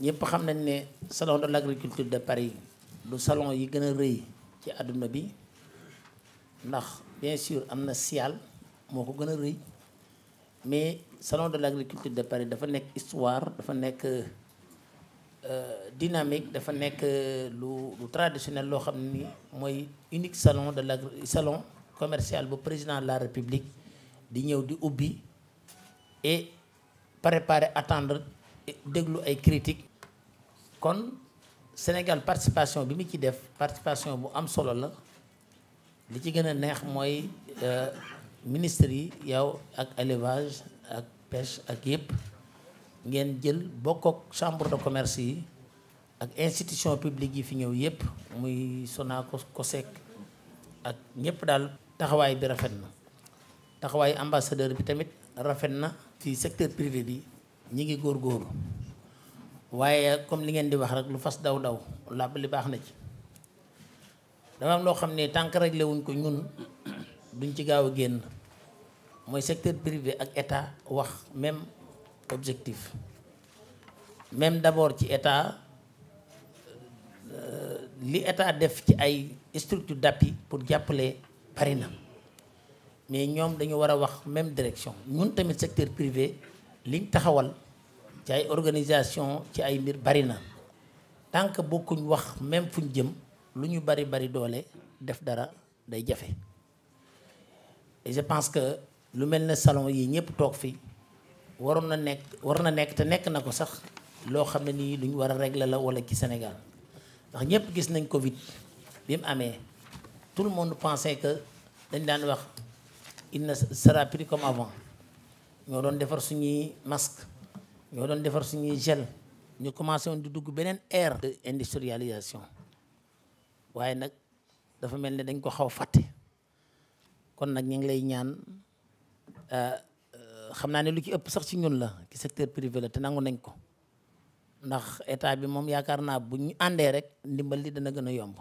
ñëpp xam nañ ne salon de l'agriculture de Paris du salon yi gën a rëy ci àdduna bi ndax bien sûr am na sial moo ko gën a rëy mais salon de l'agriculture de Paris dafa nekk histoire dafa nekk euh, dynamique dafa nekk euh, lu lu traditionnel loo xam ni mooy unique salon de l'agri salon commercial bu président de la République di ñëw di ubbi et préparer attendre déglu ay critiques kon Sénégal participation bi mu ci def participation bu am solo la li ci gën a neex mooy euh, ministre yi yow ak élevage ak pêche ak yëpp ngeen jël bokk ak chambre de commerce yi ak institution publique yi fi ñëw yëpp muy Sonacos COSEC ak ñëpp daal taxawaay bi rafet na taxawaay ambassadeur bi tamit rafet na ci secteur privé bi ñi ngi góor góorgóorlu waaye comme li ngeen di wax rek lu fas daw daw làpp li baax na ci dama am loo xam ne tànk réglé wuñ ko ñun duñ ci gaaw a génn mooy secteur privé ak état wax même objectif même d'abord ci état euh, li état def ci ay structure d'appui pour jàppale bari na mais ñoom dañu war a wax même direction ñun tamit secteur privé liñ taxawal ci ay organisation ci ay mbir bari na tant que bokkuñ wax même ñu jëm lu ñu bari bari doole def dara day jafe et je pense que lu mel ne salon yi ñëpp toog fi waroon na nekk waroon na nekk te nekk na ko sax loo xam ne nii lu ñu war a régler la wala ci Sénégal ndax ñëpp gis nañ Covid bi mu amee tout le monde pensait que dañ daan wax il ne sera plus comme avant ñoo doon defar suñuy masque ñoo doon defar suñuy gel ñu commencé woon di dugg beneen air de industrialisation waaye nag dafa mel ni dañ ko xaw fàtte kon nag ñu ngi lay ñaan euh, euh, xam naa ne lu ci ëpp sax ci ñun la ci secteur privé la te nangu nañ ko ndax état bi moom yaakaar naa bu ñu àndee rek ndimbal li dana gën a yomb